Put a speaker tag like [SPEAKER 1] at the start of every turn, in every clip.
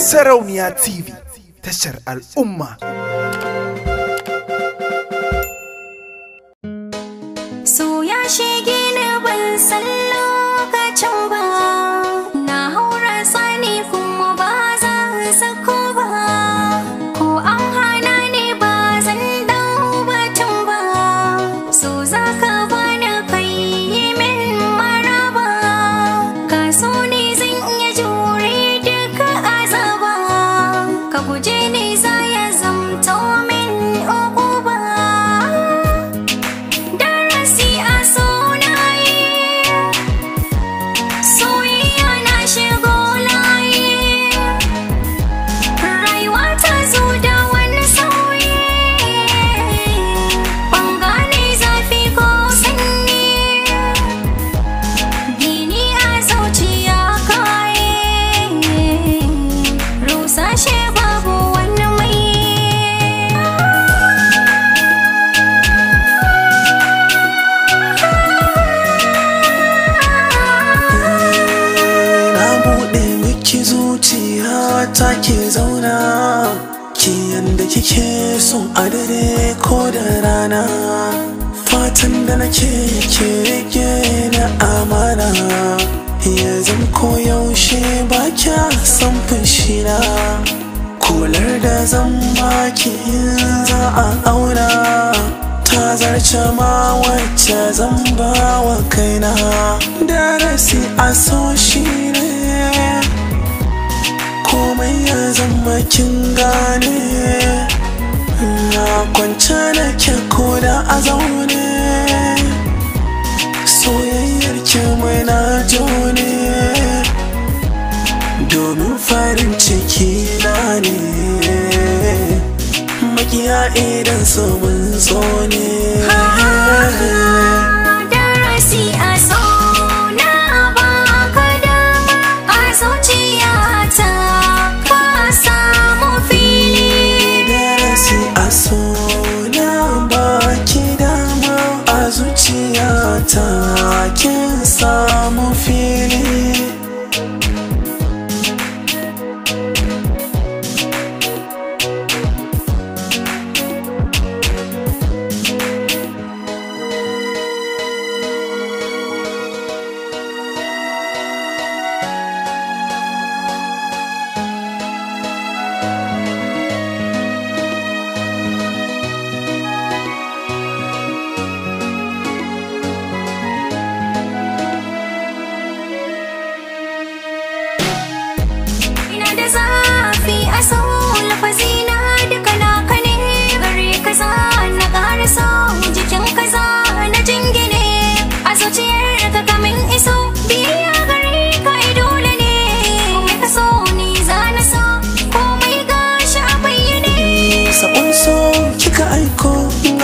[SPEAKER 1] Sarauniya TV tashar al'umma.
[SPEAKER 2] Soya ka guje ni za ya
[SPEAKER 1] zuciya ta ke zauna ki yanda kike so a dare ko da rana fatan da nake ke rike na amana ya zan koyaushe ba kya san fushina kular da zan ki in za a auna ta zarce ma wacce zan ba wa kaina darasi a so shi ne na zama kin gane na kwance nake ko da a zaune soyayyar ki na jone domin farin ciki na ne makiya idan su mun zo ne ta kin samu fili
[SPEAKER 2] so lafazi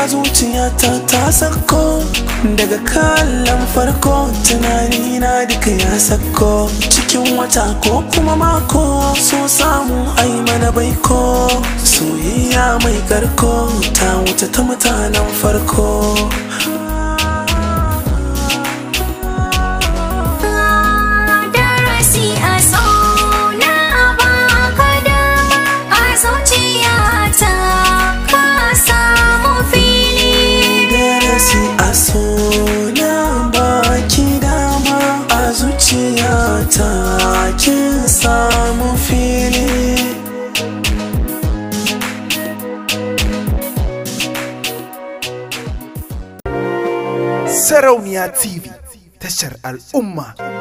[SPEAKER 1] zuciya zuciyata ta sako daga kallon farko tunani na duka ya sako cikin wata ko kuma mako so samu ai mana baiko soyayya mai karko ta wuce ta mutanen farko so na baki dama a zuciyata kin samu fili Sarauniya TV tashar al'umma